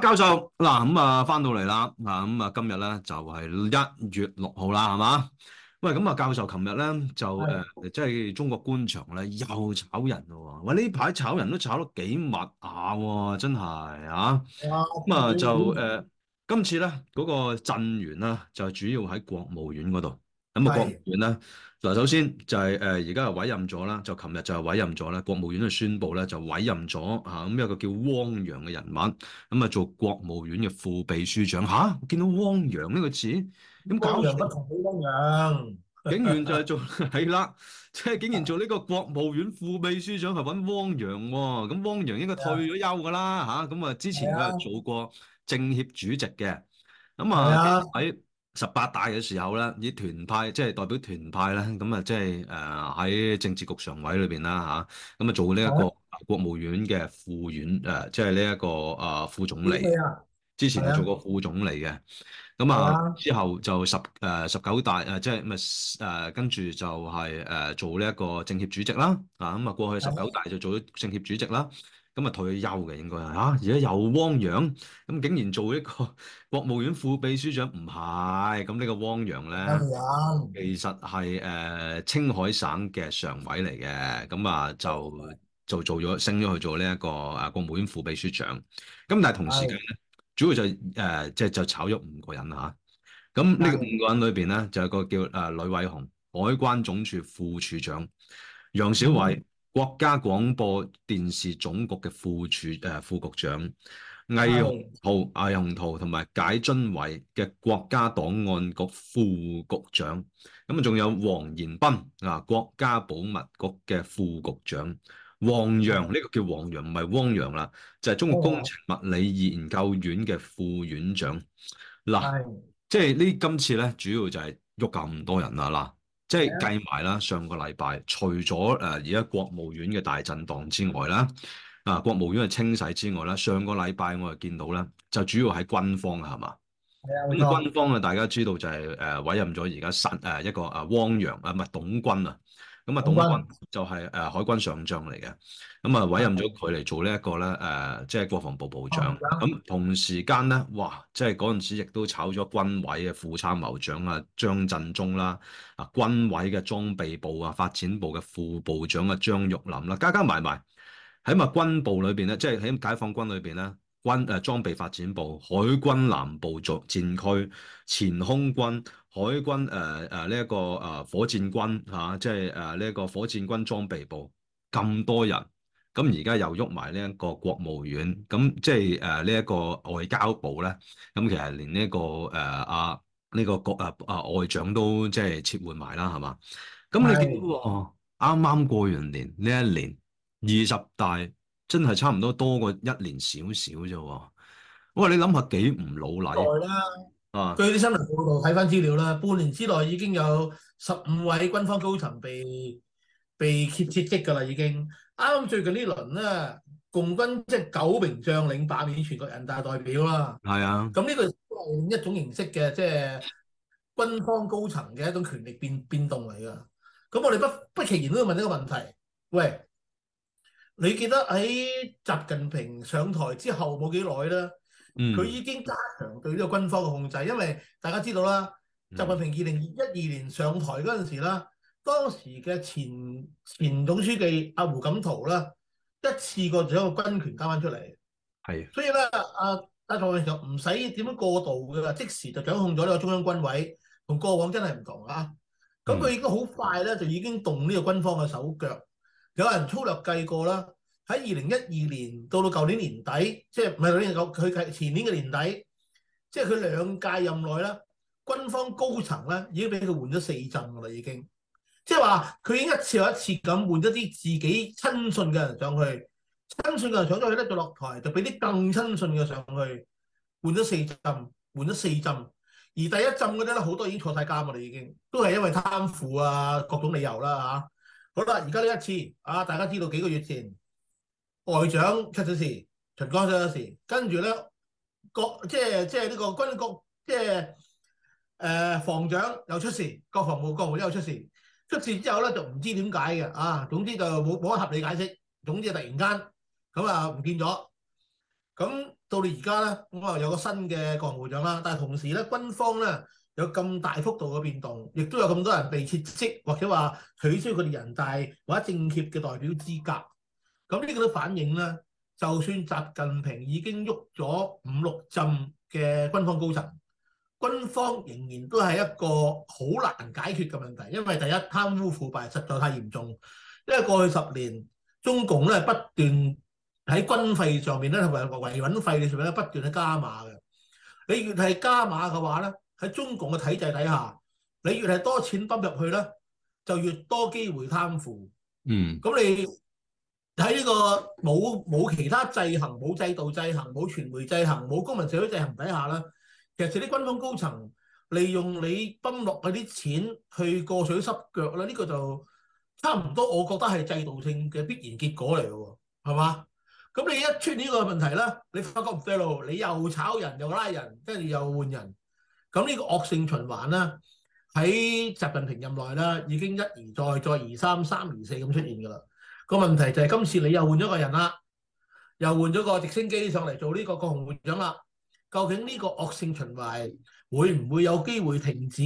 教授，嗱，咁啊，翻到嚟啦，啊，咁啊今日咧就係一月六號啦，係嘛？喂，咁啊教授，琴日咧就誒，即係中國官場咧又炒人喎！喂，呢排炒人都炒得幾密下喎，真係啊，咁啊就誒的今次咧，嗰個震源咧就主要喺國務院嗰度，咁啊國務院咧。嗱，首先就係誒，而家委任咗啦，就琴日就係委任咗啦，國務院就宣布咧，就委任咗嚇咁有個叫汪洋嘅人物，咁啊做國務院嘅副秘書長。嚇、啊，我見到汪洋呢個字，咁汪洋不同普通汪洋，竟然就係做係啦，即、就、係、是、竟然做呢個國務院副秘書長係揾汪洋喎、啊。咁汪洋應該退咗休噶啦吓，咁啊，啊之前佢又做過政協主席嘅，咁啊喺。十八大嘅時候咧，以團派即係代表團派咧，咁啊，即係誒喺政治局常委裏邊啦嚇，咁啊做呢一個國務院嘅副院誒，是啊、即係呢一個啊副總理。之前係做過副總理嘅，咁啊之後就十誒十九大誒，即係咪誒跟住就係誒做呢一個政協主席啦啊，咁啊過去十九大就做咗政協主席啦。咁啊，退咗休嘅應該啊，而家又汪洋，咁竟然做一個國務院副秘書長，唔係，咁呢個汪洋咧，哎、呀其實係青、呃、海省嘅常委嚟嘅，咁啊就就做咗升咗去做呢、這、一個誒、啊、國務院副秘書長，咁但係同時間咧，哎、呀主要就即、呃、就炒咗五個人嚇，咁、啊、呢個五個人裏面咧就有一個叫誒、呃、呂偉雄，海關總署副處長，楊小偉。嗯。國家廣播電視總局嘅副處誒副局長的魏雄圖，魏宏圖同埋解津偉嘅國家檔案局副局長，咁啊仲有黃延斌啊，國家保密局嘅副局長黃洋，呢、這個叫黃洋唔係汪洋啦，就係、是、中國工程物理研究院嘅副院長。嗱、啊，的即係呢今次咧，主要就係喐咁多人啦嗱。即係計埋啦，上個禮拜除咗誒而家國務院嘅大震盪之外啦，啊國務院嘅清洗之外啦，上個禮拜我見到咧，就主要係軍方係嘛，咁的軍方啊大家知道就係誒委任咗而家新誒一個啊汪洋啊唔係董軍啊。咁啊，董軍就係誒海軍上將嚟嘅，咁啊委任咗佢嚟做呢一個咧誒，即係國防部部長。咁同時間咧，哇！即係嗰陣時亦都炒咗軍委嘅副參謀長啊張振中啦，啊軍委嘅裝備部啊發展部嘅副部長啊張玉林啦，加加埋埋喺咪軍部裏邊咧，即係喺解放軍裏邊咧。軍誒裝、啊、備發展部、海軍南部作戰區、前空軍、海軍誒誒呢一個誒、啊、火箭軍吓，即係誒呢一個火箭軍裝備部咁多人，咁而家又喐埋呢一個國務院，咁即係誒呢一個外交部咧，咁其實連呢、這個誒阿呢個國誒誒、啊啊、外長都即係撤換埋啦，係嘛？咁你見到啱啱過完年呢一年二十大。真係差唔多多過一年少少啫喎！喂，你諗下幾唔老禮？耐啦，啊！據啲新聞報道睇翻資料啦，半年之內已經有十五位軍方高層被被撤撤職㗎啦，已經啱啱最近輪呢輪咧，共軍即係、就是、九名將領罷免全國人大代表啦。係啊，咁呢個係一種形式嘅，即、就、係、是、軍方高層嘅一種權力變變動嚟㗎。咁我哋不不其然都要問呢個問題：喂？你記得喺習近平上台之後冇幾耐啦，佢、嗯、已經加強對呢個軍方嘅控制，因為大家知道啦，習、嗯、近平二零一二年上台嗰陣時啦，當時嘅前前總書記阿胡錦濤啦，一次過將個軍權交翻出嚟，係的，所以咧阿阿習近平唔使點樣過渡㗎，即時就掌控咗呢個中央軍委，同過往真係唔同啊。咁佢已經好快咧，就已經動呢個軍方嘅手腳。有人粗略計過啦，喺二零一二年到到舊年年底，即係唔係舊年佢計前年嘅年底，即係佢兩屆任內咧，軍方高層咧已經俾佢換咗四陣㗎啦，已經，即係話佢已經一次又一次咁換咗啲自己親信嘅人上去，親信嘅人上咗去咧就落台，就俾啲更親信嘅上去，換咗四陣，換咗四陣，而第一陣嗰啲咧好多已經坐晒監㗎啦，已經都係因為貪腐啊各種理由啦、啊、嚇。好啦，而家呢一次啊，大家知道幾個月前外長出咗事，秦剛出咗事，跟住咧國即係即係呢個軍局，即係誒防長又出事，國防部國務都又出事，出事之後咧就唔知點解嘅啊，總之就冇冇得合理解釋，總之突然間咁啊唔見咗，咁到你而家咧，我又有個新嘅國防部長啦，但係同時咧軍方咧。有咁大幅度嘅變動，亦都有咁多人被撤職，或者話取消佢哋人大或者政協嘅代表資格。咁呢個都反映咧，就算習近平已經喐咗五六陣嘅軍方高層，軍方仍然都係一個好難解決嘅問題，因為第一貪污腐敗實在太嚴重，因為過去十年中共咧不斷喺軍費上面咧同埋維穩費上面不斷喺加碼嘅。你越係加碼嘅話咧，喺中共嘅體制底下，你越係多錢泵入去咧，就越多機會貪腐。嗯，咁你喺呢個冇冇其他制衡、冇制度制衡、冇傳媒制衡、冇公民社會制衡底下啦，其實係啲軍方高層利用你泵落嗰啲錢去過水濕腳啦。呢個就差唔多，我覺得係制度性嘅必然結果嚟嘅喎，係嘛？咁你一出呢個問題咧，你發覺唔對路，你又炒人又拉人，跟住又換人。咁呢個惡性循環咧，喺習近平任內咧已經一而再、再而三、三而四咁出現㗎啦。個問題就係今次你又換咗個人啦，又換咗個直升機上嚟做呢個國防部長啦。究竟呢個惡性循環會唔會有機會停止，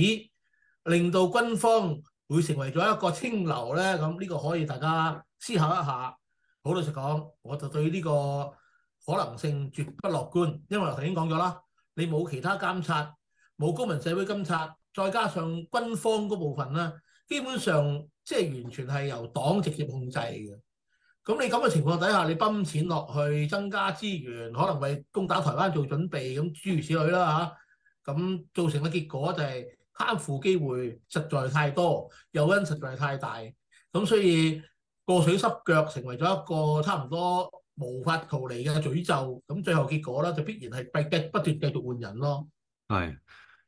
令到軍方會成為咗一個清流咧？咁呢個可以大家思考一下。好老實講，我就對呢個可能性絕不樂觀，因為頭先講咗啦，你冇其他監察。冇公民社會監察，再加上軍方嗰部分啦，基本上即係完全係由黨直接控制嘅。咁你咁嘅情況底下，你泵錢落去增加資源，可能為攻打台灣做準備，咁諸如此類啦嚇。咁造成嘅結果就係貪腐機會實在太多，誘因實在太大。咁所以過水濕腳成為咗一個差唔多無法逃離嘅詛咒。咁最後結果啦，就必然係不斷不斷繼續換人咯。係。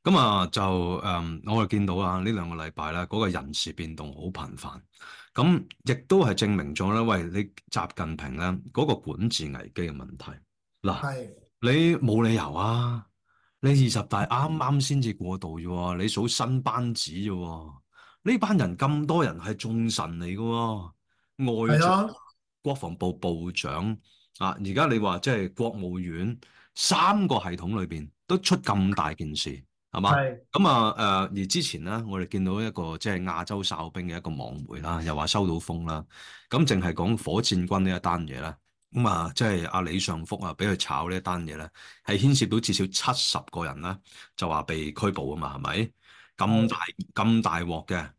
咁啊，就誒，我哋見到啊，呢兩個禮拜咧，嗰個人事變動好頻繁。咁亦都係證明咗咧，喂，你習近平咧嗰個管治危機嘅問題。嗱的，你冇理由啊！你二十大啱啱先至過渡啫喎，你數新班子啫喎。呢班人咁多人係眾臣嚟㗎喎，外長、國防部部長的啊！而家你話即係國務院三個系統裏邊都出咁大件事。係嘛？咁啊，誒是、呃、而之前咧，我哋見到一個即係亞洲哨兵嘅一個網媒啦，又話收到風啦，咁淨係講火箭軍呢一單嘢啦，咁啊，即係阿、啊、李尚福啊，俾佢炒呢一單嘢咧，係牽涉到至少七十個人啦，就話被拘捕啊嘛，係咪咁大咁大鑊嘅？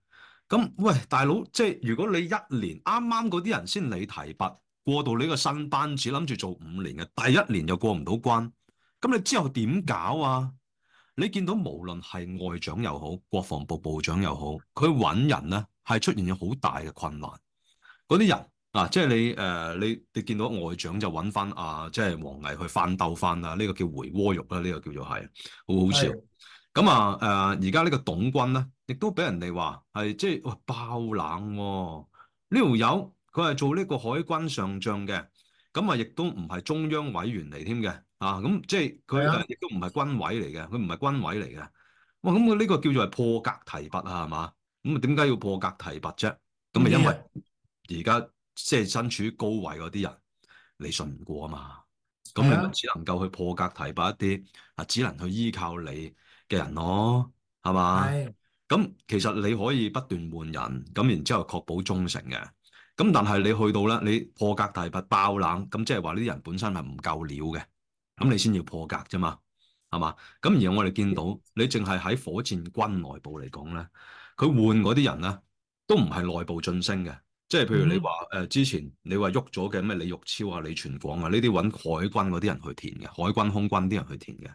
咁喂，大佬，即係如果你一年啱啱嗰啲人先你提拔過到你個新班子，諗住做五年嘅，第一年又過唔到關，咁你之後點搞啊？你見到無論係外長又好，國防部部長又好，佢揾人咧，係出現咗好大嘅困難。嗰啲人啊，即係你誒，你你見到外長就揾翻啊，即係王毅去翻鬥翻啊，呢個叫回鍋肉啦，呢個叫做係好好笑。咁啊誒，而家呢個董軍咧，亦都俾人哋話係即係爆冷喎。呢條友佢係做呢個海軍上將嘅，咁啊亦都唔係中央委員嚟添嘅。啊，咁即係佢亦都唔係軍委嚟嘅，佢唔係軍委嚟嘅。哇，咁佢呢個叫做破格提拔啊，係嘛？咁點解要破格提拔啫？咁咪，因為而家即係身處高位嗰啲人，你信唔過啊嘛？咁你只能夠去破格提拔一啲啊，的只能去依靠你嘅人咯，係嘛？咁的其實你可以不斷換人，咁然之後確保忠誠嘅。咁但係你去到咧，你破格提拔爆冷，咁即係話呢啲人本身係唔夠料嘅。咁你先要破格啫嘛，係嘛？咁而我哋見到你淨係喺火箭軍內部嚟講咧，佢換嗰啲人咧，都唔係內部晉升嘅，即係譬如你話誒、呃，之前你話喐咗嘅咩李玉超啊、李全廣啊，呢啲揾海軍嗰啲人去填嘅，海軍空軍啲人去填嘅，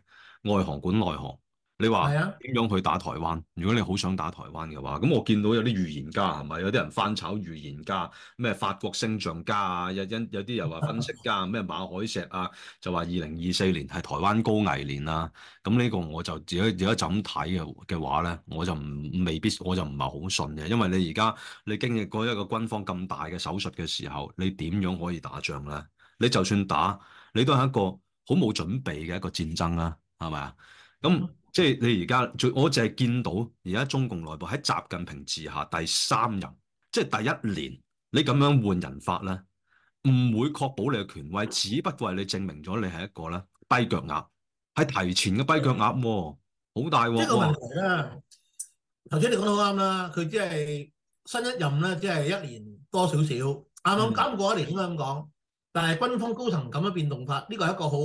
外行管內行。你話點樣去打台灣？啊、如果你好想打台灣嘅話，咁我見到有啲預言家係咪有啲人翻炒預言家咩法國星象家啊？有因有啲又話分析家咩馬海石啊，就話二零二四年係台灣高危年啦、啊。咁呢個我就自己而家就咁睇嘅嘅話咧，我就唔未必，我就唔係好信嘅。因為你而家你經歷過一個軍方咁大嘅手術嘅時候，你點樣可以打仗咧？你就算打，你都係一個好冇準備嘅一個戰爭啦，係咪啊？咁即係你而家最，我淨係見到而家中共內部喺習近平治下第三任，即係第一年，你咁樣換人法咧，唔會確保你嘅權威，只不過係你證明咗你係一個咧跛腳鴨，係提前嘅跛腳鴨，好大。呢個問題啦，頭先你講得好啱啦，佢即係新一任咧，即係一年多少少，啱啱、嗯、過一年應該咁講，但係軍方高層咁樣變動法，呢、這個係一個好，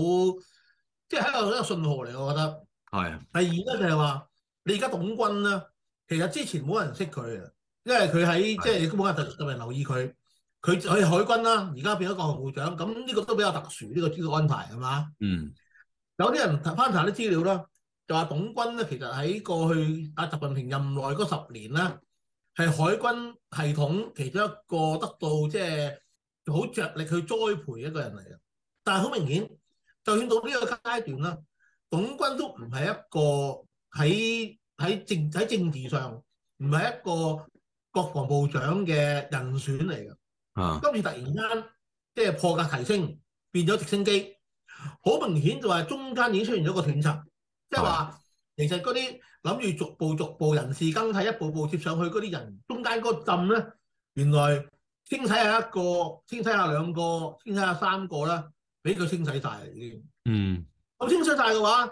即係喺度一個信號嚟，我覺得。係。第二咧就係話，你而家董軍咧，其實之前冇人識佢嘅，因為佢喺的即係冇人特特別留意佢。佢係海軍啦，而家變咗國防部長，咁呢個都比較特殊，呢、呢個資料安排係嘛？嗯。有啲人翻查啲資料啦，就話董軍咧，其實喺過去阿習近平任內嗰十年咧，係海軍系統其中一個得到即係好着力去栽培一個人嚟嘅。但係好明顯，就算到呢個階段啦。董軍都唔係一個喺喺政喺政治上唔係一個國防部長嘅人選嚟嘅，啊，今次突然間即係破格提升變咗直升機，好明顯就係中間已經出現咗個斷層，即係話其實嗰啲諗住逐步逐步人事更替一步步接上去嗰啲人，中間嗰個陣咧，原來清洗下一個、清洗下兩個、清洗下三個咧，俾佢清洗晒啦已經。嗯。清出晒嘅話，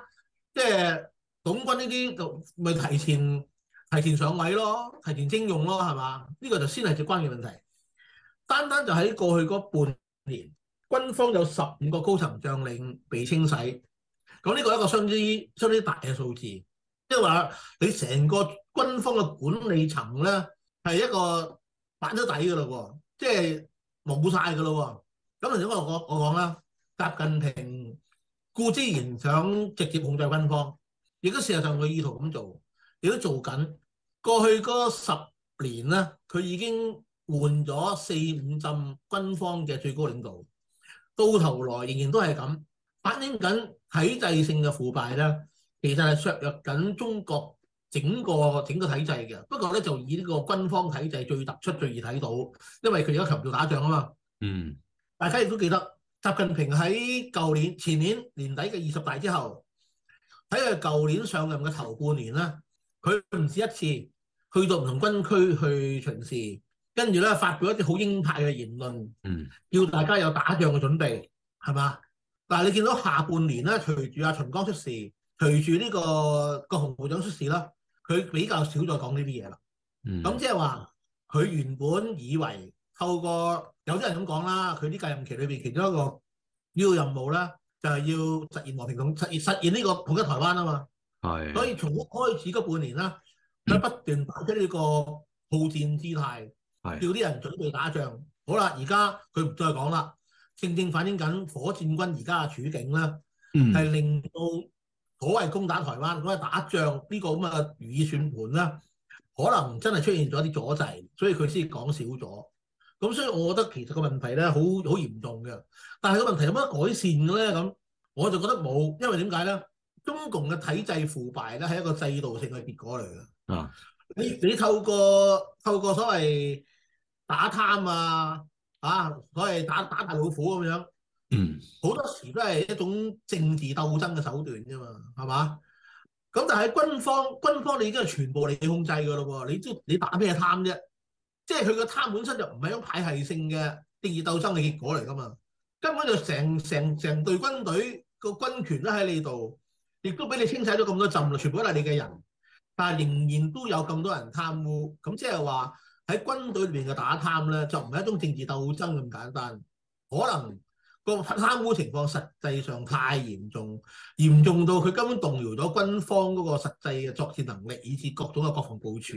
即、就、係、是、董軍呢啲就咪提前提前上位咯，提前徵用咯，係嘛？呢、這個就先係關嘅問題。單單就喺過去嗰半年，軍方有十五個高層將領被清洗，咁呢個係一個相當之相當之大嘅數字，即係話你成個軍方嘅管理層咧係一個白咗底嘅嘞喎，即係冇晒嘅嘞喎。咁嚟講，我我講啦，習近平，固之然想直接控制軍方，亦都事實上佢意圖咁做，亦都做緊。過去嗰十年咧，佢已經換咗四五陣軍方嘅最高領導，到頭來仍然都係咁反映緊體制性嘅腐敗咧。其實係削弱緊中國整個整個體制嘅。不過咧，就以呢個軍方體制最突出最易睇到，因為佢而家持續打仗啊嘛。嗯，大家亦都記得。習近平喺舊年前年年底嘅二十大之後，喺佢舊年上任嘅頭半年咧，佢唔止一次去到唔同軍區去巡視，跟住咧發表一啲好鷹派嘅言論，要大家有打仗嘅準備，係嘛、嗯？但係你見到下半年咧，隨住阿秦剛出事，隨住呢、呢個個洪部長出事啦，佢比較少再講呢啲嘢啦。咁即係話，佢原本以為透過有啲人咁講啦，佢呢屆任期裏邊其中一個要、這個、任務啦，就係、是、要實現和平共實，實現實現呢個統一台灣啊嘛。係的，所以從開始嗰半年啦，佢不斷打出呢個好戰姿態，嗯、叫啲人們準備打仗。的好啦，而家佢唔再講啦，正正反映緊火箭軍而家嘅處境啦，係、嗯、令到所謂攻打台灣、所謂打，打仗呢、這個咁嘅如意算盤啦，嗯、可能真係出現咗啲阻滯，所以佢先講少咗。咁所以，我覺得其實個問題咧，好好嚴重嘅。但係個問題有乜改善嘅咧？咁我就覺得冇，因為點解咧？中共嘅體制腐敗咧，係一個制度性嘅結果嚟㗎。啊！你你透過透過所謂打貪啊，啊所謂打打大老虎咁樣，嗯，好多時都係一種政治鬥爭嘅手段啫嘛，係嘛？咁但係軍方軍方你已經係全部你控制㗎咯喎，你都你打咩貪啫？即係佢個貪本身就唔係一種派系性嘅政治鬥爭嘅結果嚟㗎嘛，根本就成成成隊軍隊個軍權都喺你度，亦都俾你清洗咗咁多浸陣，全部都係你嘅人，但係仍然都有咁多人貪污，咁即係話喺軍隊裏面嘅打貪咧，就唔係一種政治鬥爭咁簡單，可能個貪污情況實際上太嚴重，嚴重到佢根本動搖咗軍方嗰個實際嘅作戰能力，以至各種嘅國防部署。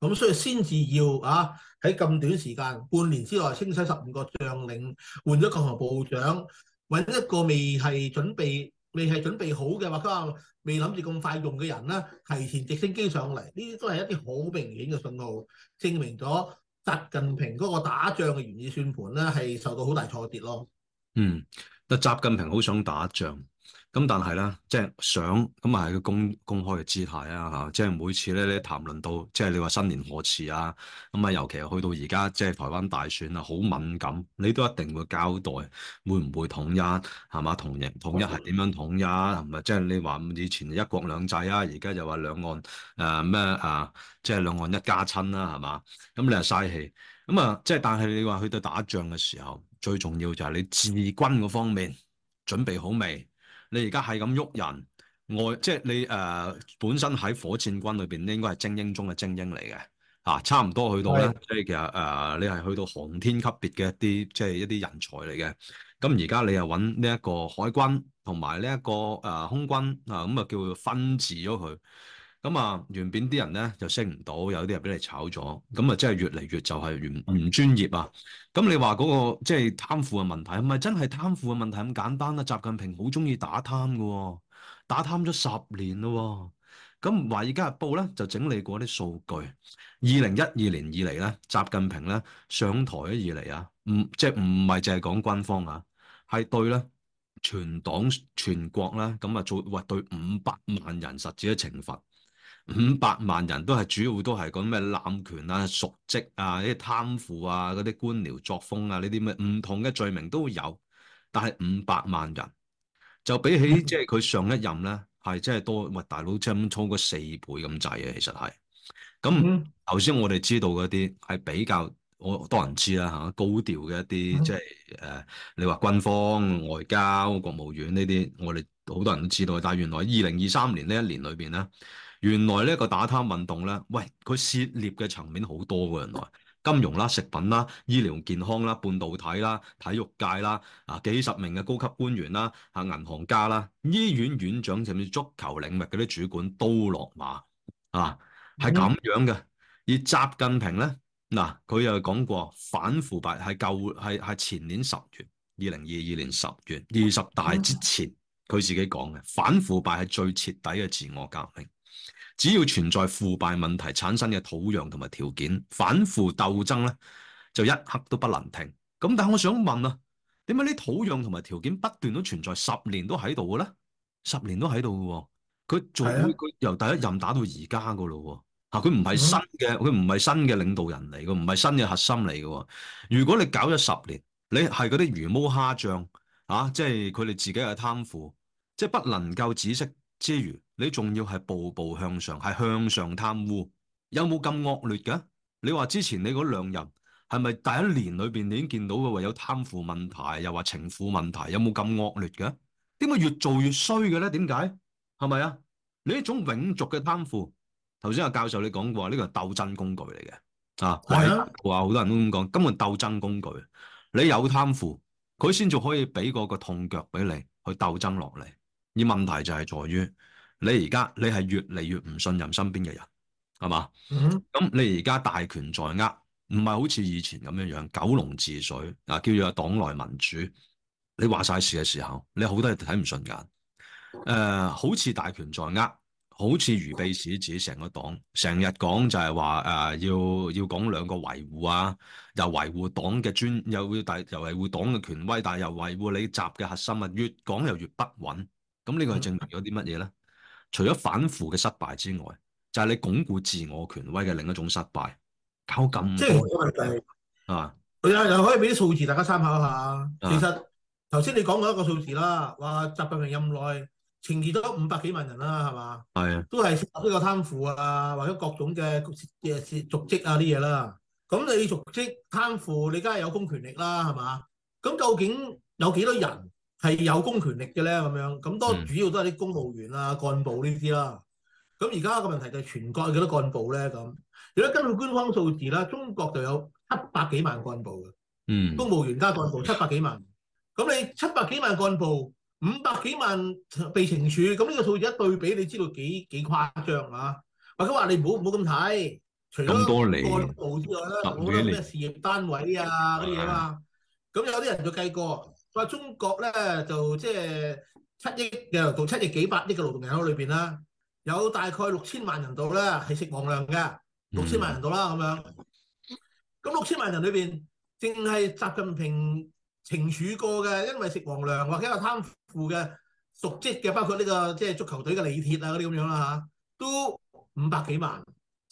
咁所以先至要啊喺咁短時間半年之內清洗十五個將領，換咗國防部長，揾一個未係準備未係準備好嘅，或者未諗住咁快用嘅人咧，提前直升機上嚟，呢啲都係一啲好明顯嘅信號，證明咗習近平嗰個打仗嘅原意算盤咧係受到好大挫折咯。嗯，但，習近平好想打仗。咁但係咧，即係想咁啊，係個公公開嘅姿態啊。吓，即係每次咧，你談論到即係你話新年賀詞啊，咁啊，尤其去到而家即係台灣大選啊，好敏感，你都一定會交代會唔會統一，係嘛，統一統一係點樣統一，係咪？即係你話以前一國兩制啊，而家就話兩岸誒咩啊，即係兩岸一家親啦，係嘛，咁你又嘥氣，咁啊，即係但係你話去到打仗嘅時候，最重要就係你治軍嗰方面準備好未？你而家係咁喐人，我即係你誒、呃、本身喺火箭軍裏邊咧，你應該係精英中嘅精英嚟嘅。啊差唔多去到咧的、呃，你其實誒你係去到航天級別嘅一啲即係一啲人才嚟嘅，咁而家你又揾呢一個海軍同埋呢一個誒、呃、空軍啊，咁啊叫佢分治咗佢。咁啊，原本啲人咧就升唔到，有啲人俾你炒咗，咁啊，真係越嚟越就係唔唔專業啊。咁你話嗰、那個即係、就是、貪腐嘅問題，係咪真係貪腐嘅問題咁簡單啊？習近平好鍾意打貪嘅、哦，打貪咗十年咯、哦。咁《華爾街日報》咧就整理過啲數據，二零一二年以嚟咧，習近平咧上台以嚟啊，唔即係唔係淨係講軍方啊，係對咧全黨全國啦，咁啊做或對五百萬人實施嘅懲罰。五百萬人都係主要都係講咩濫權啊、瀆職啊、啲貪腐啊、嗰啲官僚作風啊呢啲咩唔同嘅罪名都有，但係五百萬人就比起即係佢上一任咧，係真係多，喂大佬真係咁超過四倍咁滯啊！其實係咁，頭先我哋知道嗰啲係比較我多人知啦吓，高調嘅一啲即係誒，你話軍方、外交、國務院呢啲，我哋好多人都知道，但係原來二零二三年呢一年裏邊咧。原來呢個打貪運動呢，喂佢涉獵嘅層面好多喎。原來金融啦、食品啦、醫療健康啦、半導體啦、體育界啦，啊幾十名嘅高級官員啦、啊銀行家啦、醫院院長甚至足球領域嗰啲主管都落馬、嗯、啊，係咁樣嘅。而習近平呢，嗱、啊、佢又講過反腐敗係舊係係前年十月二零二二年十月二十大之前佢自己講嘅反腐敗係最徹底嘅自我革命。只要存在腐敗問題產生嘅土壤同埋條件，反腐鬥爭咧就一刻都不能停。咁但係我想問啊，點解啲土壤同埋條件不斷都存在，十年都喺度嘅咧？十年都喺度嘅喎，佢做佢由第一任打到而家嘅咯喎，佢唔係新嘅，佢唔係新嘅領導人嚟嘅，唔係新嘅核心嚟嘅喎。如果你搞咗十年，你係嗰啲魚毛蝦醬啊，即係佢哋自己又貪腐，即係不能夠止息之餘，你仲要係步步向上，係向上貪污，有冇咁惡劣嘅？你話之前你嗰兩任係咪第一年裏邊已經見到嘅話有貪腐問題，又話情婦問題，有冇咁惡劣嘅？點解越做越衰嘅咧？點解？係咪啊？你一種永續嘅貪腐，頭先阿教授你講過，呢個係鬥爭工具嚟嘅啊，係啊，好多人都咁講，根本鬥爭工具，你有貪腐，佢先至可以俾嗰個痛腳俾你去鬥爭落嚟。而問題就係在於，你而家你係越嚟越唔信任身邊嘅人，係嘛？咁、mm hmm。你而家大權在握，唔係好似以前咁樣樣，九龍治水啊，叫做黨內民主。你話晒事嘅時候，你好多嘢睇唔順眼。誒、啊，好似大權在握，好似如臂使指，成個黨成日講就係話誒，要要講兩個維護啊，又維護黨嘅尊，又要大又係維護黨嘅權威，但係又維護你習嘅核心啊，越講又越不穩。咁呢個係證明咗啲乜嘢咧？嗯、除咗反腐嘅失敗之外，就係、係、你鞏固自我權威嘅另一種失敗。搞咁即係我覺得係啊，佢又可以俾啲數字大家參考一下。啊、其實頭先你講過一個數字啦，話習近平任內懲治咗五百幾萬人啦，係嘛？啊，都係涉及呢個貪腐啊，或者各種嘅嘅瀆職啊啲嘢啦。咁你瀆職貪腐，你梗係有公權力啦，係嘛？咁究竟有幾多人？係有公權力嘅咧，咁樣咁多主要都係啲公務員啊、嗯、幹部呢啲啦。咁而家個問題就係全國有幾多幹部咧？咁如果根據官方數字啦，中國就有七百幾萬幹部嘅。嗯。公務員加幹部七百幾萬，咁你七百幾萬幹部，五百幾萬被懲處，咁呢個數字一對比，你知道幾幾誇張啊？或者話你唔好唔好咁睇，除咗幹部之外咧，好多咩事業單位啊乜嘢啊。咁有啲人就計過。話中國咧就即係七億嘅勞七億幾百億嘅勞動人口裏邊啦，有大概六千萬人度咧係食皇糧嘅，六千萬人度啦咁樣。咁六千萬人裏邊，淨係習近平懲處過嘅，因為食皇糧或者有貪腐嘅、瀆職嘅，包括呢、這個即係、就是、足球隊嘅李鐵啊嗰啲咁樣啦嚇，都五百幾萬，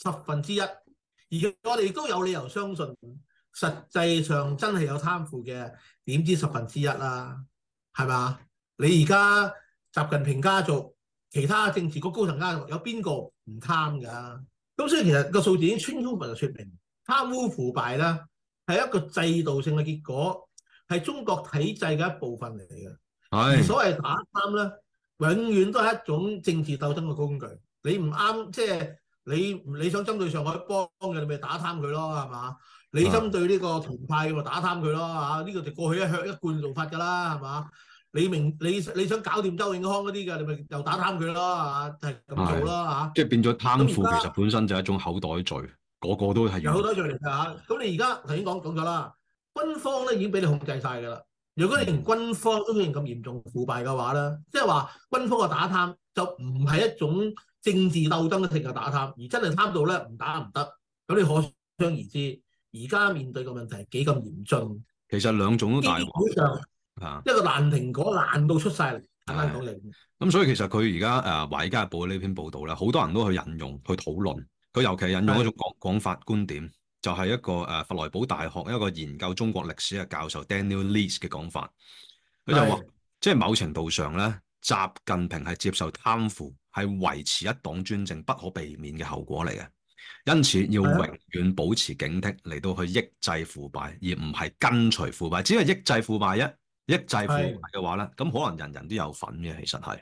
十分之一。而我哋都有理由相信，實際上真係有貪腐嘅。點知十分之一啦，係嘛？你而家習近平家族，其他政治局高層家族，有邊個唔貪嘅？咁所以其實個數字已經穿窿，充分就説明貪污腐敗啦，係一個制度性嘅結果，係中國體制嘅一部分嚟嘅。係所謂打貪咧，永遠都係一種政治鬥爭嘅工具。你唔啱，即係你你想針對上海幫嘅，你咪打貪佢咯，係嘛？你針對呢個同派咪打貪佢咯嚇，呢個就過去一向一貫做法㗎啦，係嘛？你明，你你想搞掂周永康嗰啲嘅，你咪又打貪佢咯嚇，係、就、咁、是、做咯嚇。即係、啊就是、變咗貪腐，其實本身就係一種口袋罪，個個都係。有口袋罪嚟㗎。咁你而家頭先講講咗啦，軍方咧已經俾你控制晒㗎啦。如果你連軍方都出現咁嚴重腐敗嘅話咧，即係話軍方嘅打貪就唔係一種政治鬥爭嘅性嘅打貪，而真係貪到咧唔打唔得。咁你可想而知。而家面對嘅問題係幾咁嚴峻，其實兩種都大鑊。基本上一個爛蘋果爛到出晒嚟，坦白講嚟。咁所以其實佢而家誒《華爾街日報》呢篇報導咧，好多人都去引用去討論。佢尤其引用一種講的講法觀點，就係、是、一個誒、啊、佛萊堡大學一個研究中國歷史嘅教授 Daniel Leese 嘅講法。佢就話，是的即係某程度上咧，習近平係接受貪腐，係維持一黨專政不可避免嘅後果嚟嘅。因此要永遠保持警惕嚟到去抑制腐敗，而唔係根除腐敗。只係抑制腐敗一抑制腐敗嘅話咧，咁是的 可能人人都有份嘅。其實係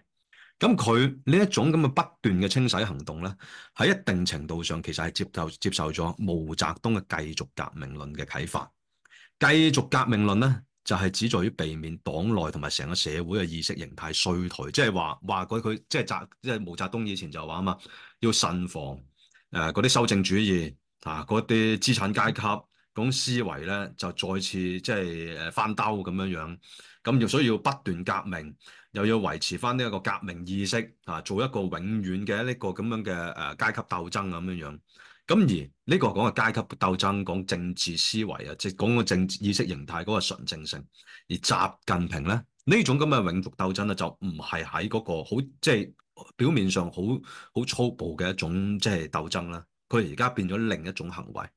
咁，佢呢一種咁嘅不斷嘅清洗行動咧，喺一定程度上其實係接受接受咗毛澤東嘅繼續革命論嘅啟發。繼續革命論咧，就係只在於避免黨內同埋成個社會嘅意識形態衰退，即係話話佢佢即係習即係毛澤東以前就話啊嘛，要慎防。誒嗰啲修正主義，啊嗰啲資產階級嗰種思維咧，就再次即係誒翻兜咁樣樣，咁要所以要不斷革命，又要維持翻呢一個革命意識，啊，做一個永遠嘅呢個咁樣嘅誒階級鬥爭咁樣樣，咁而呢個講嘅階級鬥爭，講政治思維啊，即係講個政治意識形態嗰個純正性，而習近平咧呢這種咁嘅永續鬥爭咧，就唔係喺嗰個好即係。表面上好好粗暴嘅一種即係鬥爭啦，佢而家變咗另一種行為，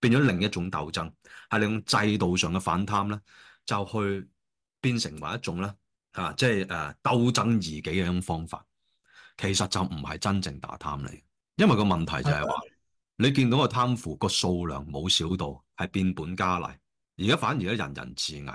變咗另一種鬥爭，係利用制度上嘅反貪咧，就去變成為一種咧啊，即係誒鬥爭而已嘅一種方法。其實就唔係真正打貪嚟，因為個問題就係話的你見到個貪腐個數量冇少到，係變本加厲。而家反而咧人人自危，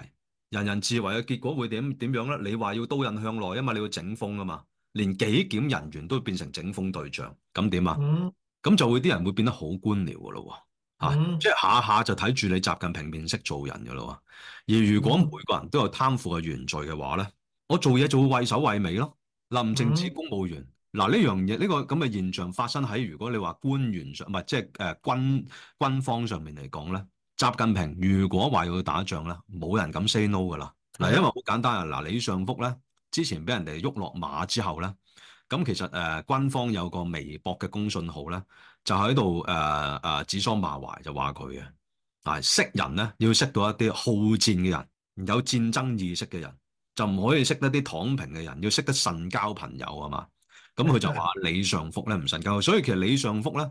人人自危嘅結果會點點樣咧？你話要刀刃向內，因為你要整風啊嘛。連紀檢人員都會變成整風對象，咁點啊？咁、嗯、就會啲人會變得好官僚㗎咯喎，即係下下就睇住你習近平面色做人㗎咯喎。而如果每個人都有貪腐嘅原罪嘅話咧，我做嘢就會畏首畏尾咯。林政之公務員，嗱呢樣嘢呢個咁嘅現象發生喺如果你話官員上咪即係誒、呃、軍，軍方上面嚟講咧，習近平如果話要去打仗啦，冇人敢 say no 噶啦。嗱、啊，因為好簡單啊，嗱李尚福咧。之前俾人哋喐落馬之後咧，咁其實誒，官方有個微博嘅公信號咧，就喺度誒誒指桑罵槐就，就話佢嘅啊識人咧，要識到一啲好戰嘅人，有戰爭意識嘅人，就唔可以識得啲躺平嘅人，要識得神交朋友係嘛。咁佢就話李尚福咧唔神交，所以其實李尚福咧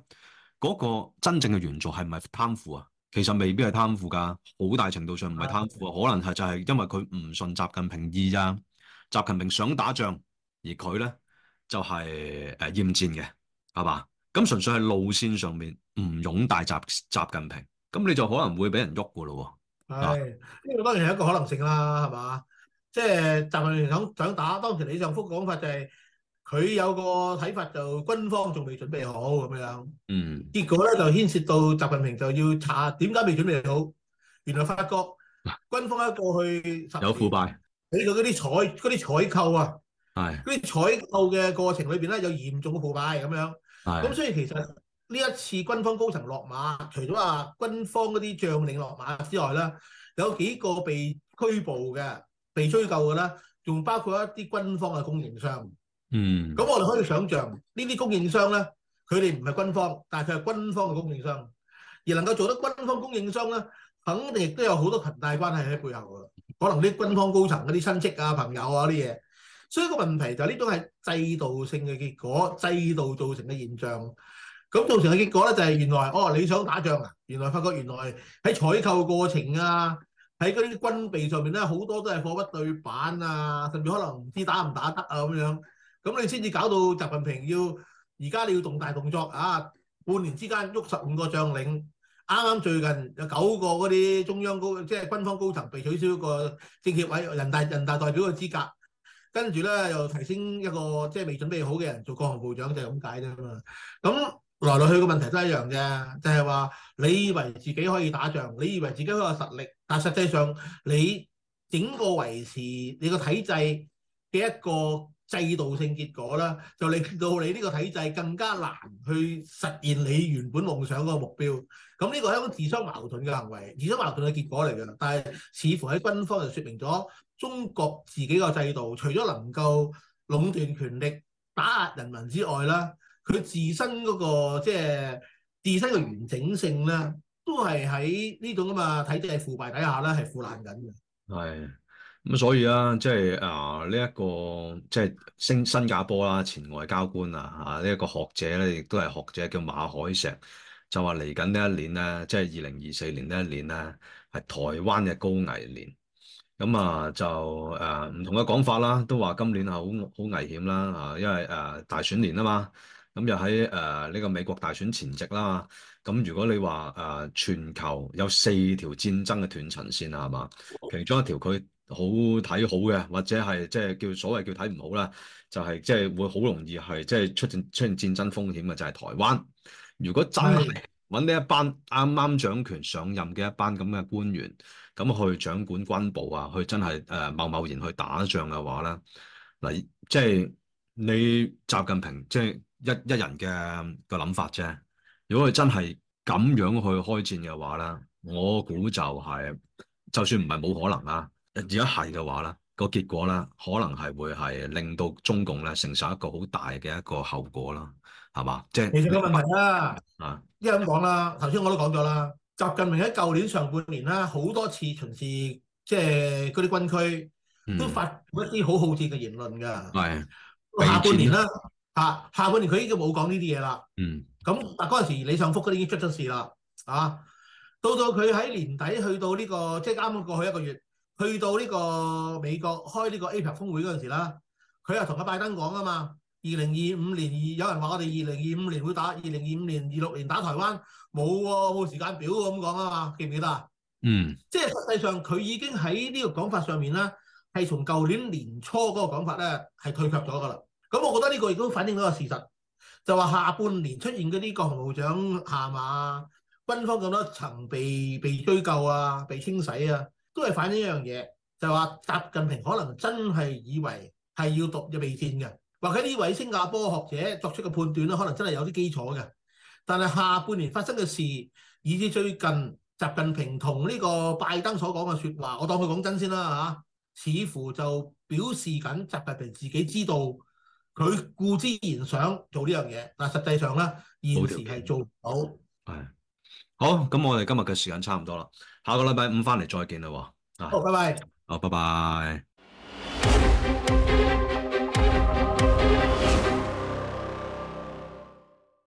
嗰、嗰個真正嘅原罪係咪貪腐啊？其實未必係貪腐噶，好大程度上唔係貪腐啊，可能係就係因為佢唔信習近平意咋。習近平想打仗，而佢咧就係誒厭戰嘅，係嘛？咁純粹係路線上面唔擁戴習習近平，咁你就可能會俾人喐噶咯喎。係呢個當然係一個可能性啦，係嘛？即係習近平想想打，當時李尚福講法就係，佢有個睇法就軍方仲未準備好咁樣。嗯。結果咧就牽涉到習近平就要查點解未準備好，原來發覺軍方一過去有腐敗。.喺佢嗰啲採嗰啲採購啊，係嗰啲採購嘅過程裏邊咧，有嚴重嘅腐敗咁樣，係咁是所以其實呢一次軍方高層落馬，除咗話軍方嗰啲將領落馬之外咧，有幾個被拘捕嘅、被追究嘅咧，仲包括一啲軍方嘅供應商，嗯，咁我哋可以想象呢啲供應商咧，佢哋唔係軍方，但係佢係軍方嘅供應商，而能夠做得軍方供應商咧，肯定亦都有好多裙帶關係喺背後噶。可能啲軍方高層嗰啲親戚啊、朋友啊啲嘢，所以個問題就係呢種係制度性嘅結果，制度造成嘅現象。咁造成嘅結果咧，就係原來哦你想打仗啊，原來發覺原來喺採購過程啊，喺嗰啲軍備上面咧，好多都係貨不對板啊，甚至可能唔知打唔打得啊咁樣。咁你先至搞到習近平要而家你要動大動作啊，半年之間喐十五個將領。啱啱最近有九個嗰啲中央高，即係軍方高層被取消個政協委、人大人大代表嘅資格，跟住咧又提升一個即係未準備好嘅人做國防部長，就係咁解啫嘛。咁來來去個問題都係一樣嘅，就係話你以為自己可以打仗，你以為自己好有實力，但實際上你整個維持你個體制嘅一個。制度性結果啦，就令到你呢個體制更加難去實現你原本夢想個目標。咁呢個係一種自相矛盾嘅行為，自相矛盾嘅結果嚟㗎啦。但係似乎喺軍方就説明咗，中國自己個制度除咗能夠壟斷權力、打壓人民之外啦，佢自身嗰個即係自身嘅完整性啦，都係喺呢種咁啊體制腐敗底下啦，係腐爛緊嘅。係。咁所以啊，即係啊呢一個即係星新加坡啦、啊，前外交官啊，啊呢一個學者咧，亦都係學者叫馬凱碩，就話嚟緊呢一年咧，即係二零二四年呢一年咧，係台灣嘅高危年。咁啊就誒唔同嘅講法啦，都話今年係好好危險啦，啊因為誒、呃、大選年啊嘛，咁又喺誒呢個美國大選前夕啦，咁如果你話誒、呃、全球有四條戰爭嘅斷層線啊，係嘛？其中一條佢。好睇好嘅，或者係即係叫所謂叫睇唔好啦，就係即係會好容易係即係出現出現戰爭風險嘅就係、是、台灣。如果真係搵呢一班啱啱掌權上任嘅一班咁嘅官員，咁去掌管軍部啊，去真係誒貿貿然去打仗嘅話咧，嗱，即係你習近平即係、就是、一一人嘅個諗法啫。如果佢真係咁樣去開戰嘅話咧，我估就係、是、就算唔係冇可能啦、啊。如果係嘅話咧，呢個結果咧，可能係會係令到中共咧承受一個好大嘅一個後果啦，係嘛？即、就、係、是、其實個問題啦、啊，啊、一咁講啦，頭先我都講咗啦，習近平喺舊年上半年啦，好多次巡視即係嗰啲軍區都發咗一啲好好貼嘅言論㗎，係、嗯、下半年啦嚇，嗯、下半年佢已經冇講呢啲嘢啦，嗯，咁但係嗰陣時李尚福嗰啲已經出咗事啦，啊，到到佢喺年底去到呢、這個即係啱啱過去一個月。去到呢個美國開呢個 APEC 峯會嗰陣時啦，佢又同阿拜登講啊嘛，二零二五年，有人話我哋二零二五年會打，二零二五年二六年打台灣，冇喎、啊，冇時間表咁講啊嘛、啊，記唔記得啊？嗯，即係實際上佢已經喺呢個講法上面啦，係從舊年年初嗰個講法咧係退卻咗噶啦。咁我覺得呢個亦都反映咗個事實，就話下半年出現嗰啲國防部長下馬、軍方咁多層被被追究啊、被清洗啊。都係反映一樣嘢，就話習近平可能真係以為係要獨日備戰嘅，或者呢位新加坡學者作出嘅判斷咧，可能真係有啲基礎嘅。但係下半年發生嘅事，以至最近習近平同呢個拜登所講嘅説話，我當佢講真先啦嚇，似乎就表示緊習近平自己知道佢固之然想做呢樣嘢，但實際上咧，現時係做唔到。好，咁我哋今日嘅時間差唔多啦。下個禮拜五翻嚟再見啦喎，好，拜拜，好，拜拜。